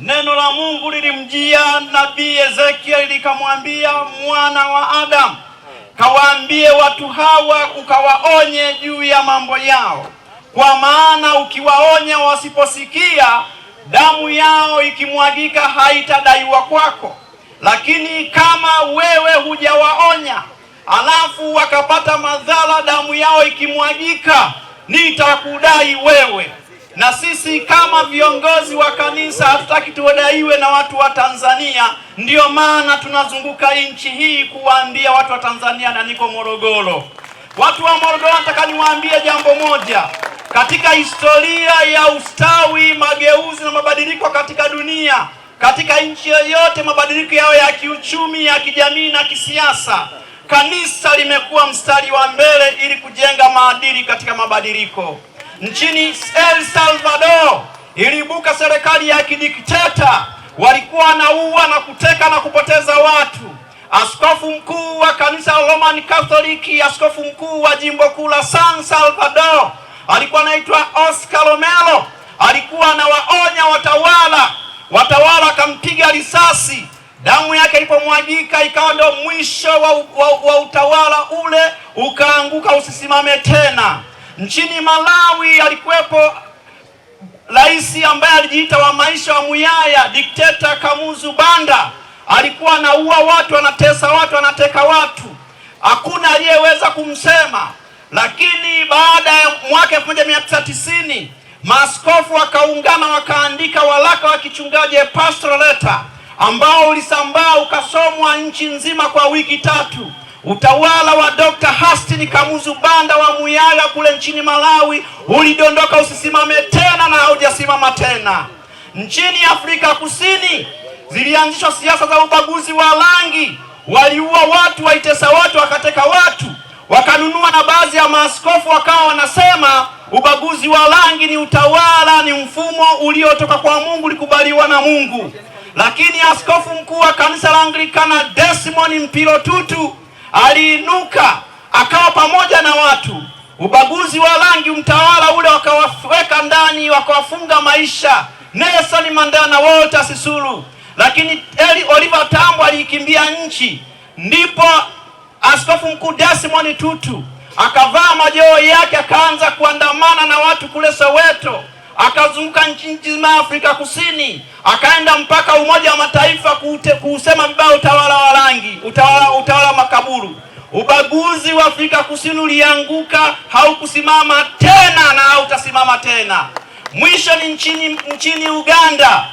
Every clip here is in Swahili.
Neno la Mungu lilimjia nabii Ezekiel likamwambia, mwana wa Adamu, kawaambie watu hawa ukawaonye juu ya mambo yao, kwa maana ukiwaonya wasiposikia, damu yao ikimwagika haitadaiwa kwako. Lakini kama wewe hujawaonya, alafu wakapata madhara, damu yao ikimwagika, nitakudai wewe na sisi kama viongozi wa kanisa hatutaki tuodaiwe na watu wa Tanzania. Ndiyo maana tunazunguka nchi hii kuwaambia watu wa Tanzania, na niko Morogoro. Watu wa Morogoro, nataka niwaambie jambo moja. Katika historia ya ustawi, mageuzi na mabadiliko katika dunia, katika nchi yoyote, mabadiliko yao ya kiuchumi, ya kijamii na kisiasa, kanisa limekuwa mstari wa mbele ili kujenga maadili katika mabadiliko nchini El Salvador iliibuka serikali ya kidikteta, walikuwa wanaua na kuteka na kupoteza watu. Askofu mkuu wa kanisa la Roman Catholic, askofu mkuu wa jimbo kuu la San Salvador alikuwa anaitwa Oscar Romero, alikuwa anawaonya watawala. Watawala akampiga risasi, damu yake ilipomwagika ikawa ndio mwisho wa, wa, wa utawala ule, ukaanguka usisimame tena. Nchini Malawi alikuwepo rais ambaye alijiita wa maisha wa Muyaya, dikteta Kamuzu Banda, alikuwa anaua watu, anatesa watu, anateka watu, hakuna aliyeweza kumsema. Lakini baada ya mwaka 1990 maaskofu wakaungana, wakaandika waraka wa kichungaji Pastoral Letter ambao ulisambaa ukasomwa nchi nzima kwa wiki tatu. Utawala wa Dr. Hastin Kamuzu Banda wa Muyala kule nchini Malawi ulidondoka usisimame tena na haujasimama tena. Nchini Afrika Kusini zilianzishwa siasa za ubaguzi wa rangi, waliua watu, waitesa watu, wakateka watu, wakanunua na baadhi ya maaskofu wakawa wanasema ubaguzi wa rangi ni utawala, ni mfumo uliotoka kwa Mungu, ulikubaliwa na Mungu. Lakini askofu mkuu wa kanisa la Anglikana Desmond Mpilo Tutu aliinuka akawa pamoja na watu. Ubaguzi wa rangi, mtawala ule, wakawaweka ndani, wakawafunga maisha, Nelson Mandela, Walter Sisulu, lakini Eli Oliver Tambo aliikimbia nchi. Ndipo askofu mkuu Desmond Tutu akavaa majoo yake akaanza kuandamana na watu kule Soweto akazunguka nchi nzima Afrika Kusini, akaenda mpaka Umoja wa Mataifa kuute, kuusema vibaya utawala wa rangi, utawala utawala wa makaburu. Ubaguzi wa Afrika Kusini ulianguka, haukusimama tena na hautasimama tena. Mwisho ni nchini, nchini Uganda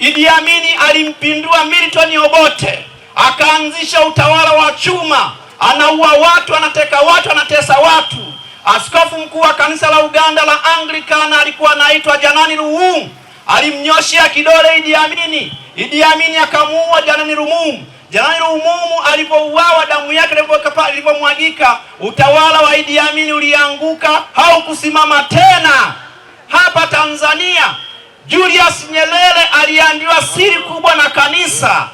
Idi Amin alimpindua Milton Obote, akaanzisha utawala wa chuma, anaua watu, anateka watu, anatesa watu Askofu mkuu wa kanisa la Uganda la Anglikana alikuwa anaitwa Janani Luwum, alimnyoshea kidole Idi Amini. Idi Amini akamuua Janani Luwum. Janani Luwum alipouawa, damu yake ilipomwagika, utawala wa Idi Amini ulianguka, haukusimama tena. Hapa Tanzania Julius Nyerere aliambiwa siri kubwa na kanisa.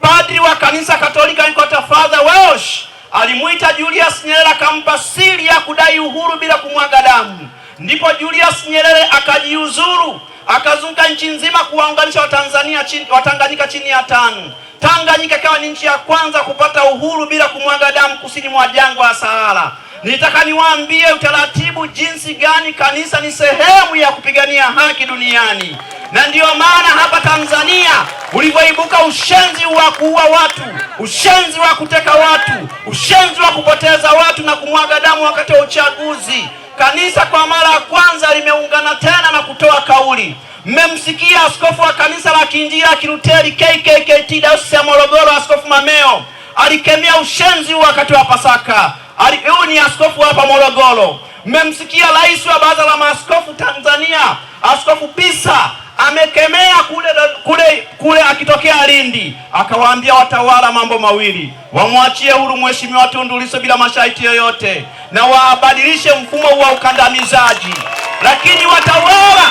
Padri wa kanisa Katolika Nicolas Father Welsh Alimwita Julius Nyerere akampa siri ya kudai uhuru bila kumwaga damu. Ndipo Julius Nyerere akajiuzuru, akazunguka nchi nzima kuwaunganisha Watanzania chini, Watanganyika chini ya tano Tanganyika ikawa ni nchi ya kwanza kupata uhuru bila kumwaga damu kusini mwa jangwa la Sahara. Nitaka niwaambie utaratibu jinsi gani kanisa ni sehemu ya kupigania haki duniani na ndiyo maana hapa Tanzania ulivyoibuka ushenzi wa kuua watu, ushenzi wa kuteka watu, ushenzi wa kupoteza watu na kumwaga damu wakati wa uchaguzi, kanisa kwa mara ya kwanza limeungana tena na kutoa kauli. Mmemsikia askofu wa kanisa la Kiinjili Kiluteri KKKT Dayosisi ya Morogoro, Askofu Mameo alikemea ushenzi wakati wa Pasaka. Huyu ni askofu hapa Morogoro. Mmemsikia rais wa baraza la maaskofu Tanzania, Askofu Pisa amekemea kule, kule, kule akitokea Lindi akawaambia watawala mambo mawili: wamwachie huru mheshimiwa Tundu Lissu bila masharti yoyote na wabadilishe mfumo wa ukandamizaji. Lakini watawala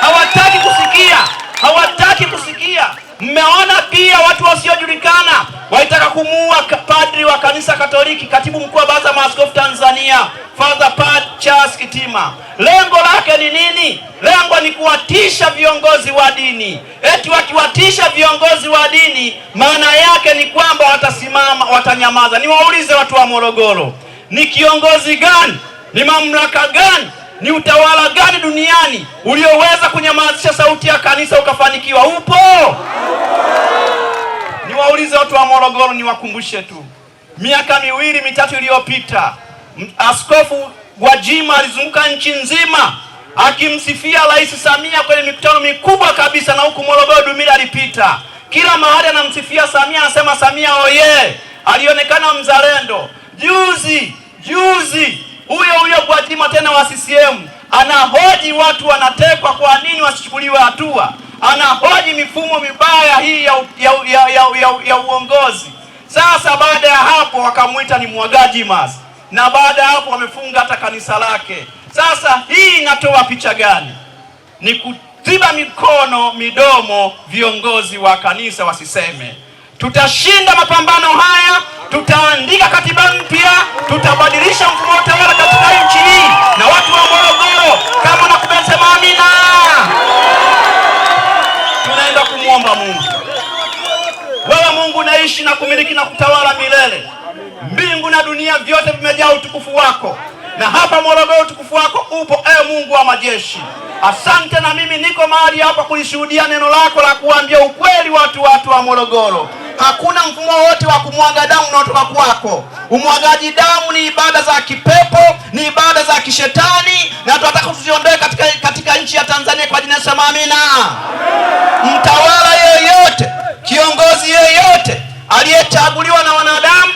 hawataki kusikia, hawataki kusikia. Mmeona pia watu wasiojulikana waitaka kumuua padri wa kanisa Katoliki, katibu mkuu wa baraza maaskofu Tanzania, Father Pat Charles Kitima. Lengo lake ni nini? Lengo ni kuwatisha viongozi wa dini. Eti wakiwatisha viongozi wa dini, maana yake ni kwamba watasimama, watanyamaza. Niwaulize watu wa Morogoro, ni kiongozi gani, ni mamlaka gani ni utawala gani duniani ulioweza kunyamazisha sauti ya kanisa ukafanikiwa? Upo? Niwaulize watu wa Morogoro, niwakumbushe tu miaka miwili mitatu iliyopita, Askofu Gwajima alizunguka nchi nzima akimsifia Rais Samia kwenye mikutano mikubwa kabisa, na huku Morogoro Dumila alipita kila mahali anamsifia Samia, anasema Samia oye, alionekana mzalendo. Juzi juzi huyo huyo Gwajima tena wa CCM anahoji watu wanatekwa, kwa nini wasichukuliwe hatua? Anahoji mifumo mibaya hii ya, ya, ya, ya, ya, ya uongozi. Sasa baada ya hapo wakamwita ni mwagaji mas na baada ya hapo wamefunga hata kanisa lake. Sasa hii inatoa picha gani? Ni kuziba mikono midomo, viongozi wa kanisa wasiseme. Tutashinda mapambano haya, tutaandika katiba mpya, tutabadilisha mfumo wa utawala katika nchi hii. Na watu wa Morogoro, kama nakubesema amina, tunaenda kumwomba Mungu. Wewe Mungu naishi na kumiliki na kutawala milele. Mbingu na dunia vyote vimejaa utukufu wako, na hapa Morogoro utukufu wako upo, e Mungu wa majeshi. Asante, na mimi niko mahali hapa kulishuhudia neno lako la kuambia ukweli watu watu wa Morogoro. Hakuna mfumo wote wa kumwaga damu unaotoka kwako. Umwagaji damu ni ibada za kipepo, ni ibada za kishetani, na tunataka tuziondoe katika, katika nchi ya Tanzania kwa jina la Yesu, amina. Mtawala yeyote, kiongozi yeyote aliyechaguliwa na wanadamu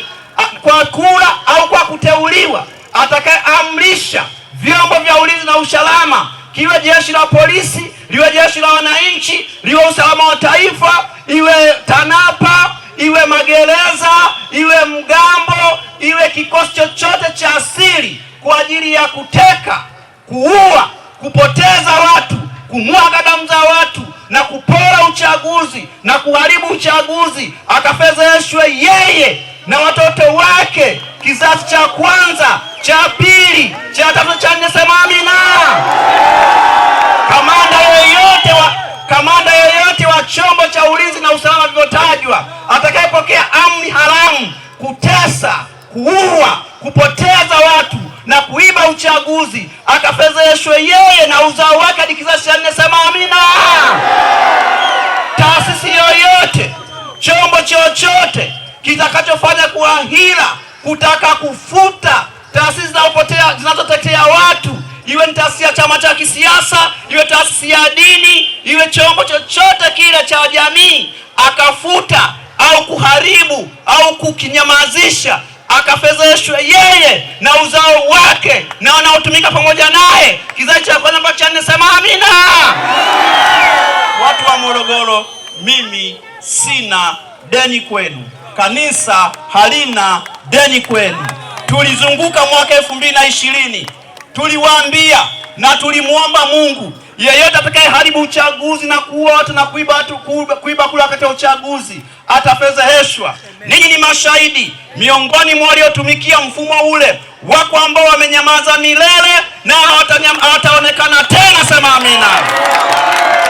kwa kura au kwa kuteuliwa, atakayeamrisha vyombo vya ulinzi na usalama, kiwe jeshi la polisi, liwe jeshi la wananchi, liwe usalama wa taifa iwe TANAPA iwe magereza iwe mgambo iwe kikosi chochote cha asili kwa ajili ya kuteka, kuua, kupoteza watu, kumwaga damu za watu na kupora uchaguzi na kuharibu uchaguzi, akafezeshwe yeye na watoto wake, kizazi cha kwanza, cha pili, cha tatu, cha nne. Sema amina. Kamanda yoyote wa kamanda yeyote wa chombo cha ulinzi na usalama vilivyotajwa atakayepokea amri haramu kutesa, kuua, kupoteza watu na kuiba uchaguzi akafezeshwe yeye na uzao wake hadi kizazi cha nne. Sema amina. Taasisi yoyote, chombo chochote kitakachofanya kuahira kutaka kufuta taasisi zinazotetea watu iwe ni taasisi ya chama cha kisiasa, iwe taasisi ya dini, iwe chombo chochote kile cha jamii, akafuta au kuharibu au kukinyamazisha, akafezeshwe yeye na uzao wake na wanaotumika pamoja naye. Kizazi cha kwanza cha nne, sema amina. Watu wa Morogoro, mimi sina deni kwenu, kanisa halina deni kwenu. Tulizunguka mwaka elfu mbili na ishirini tuliwaambia na tulimwomba Mungu, yeyote haribu uchaguzi na kuota na kuiba, kuiba kula wakati ya uchaguzi atafedheheshwa. Ninyi ni mashahidi miongoni mwa waliotumikia mfumo ule, wako ambao wamenyamaza milele na hawataonekana tena. Sema amina.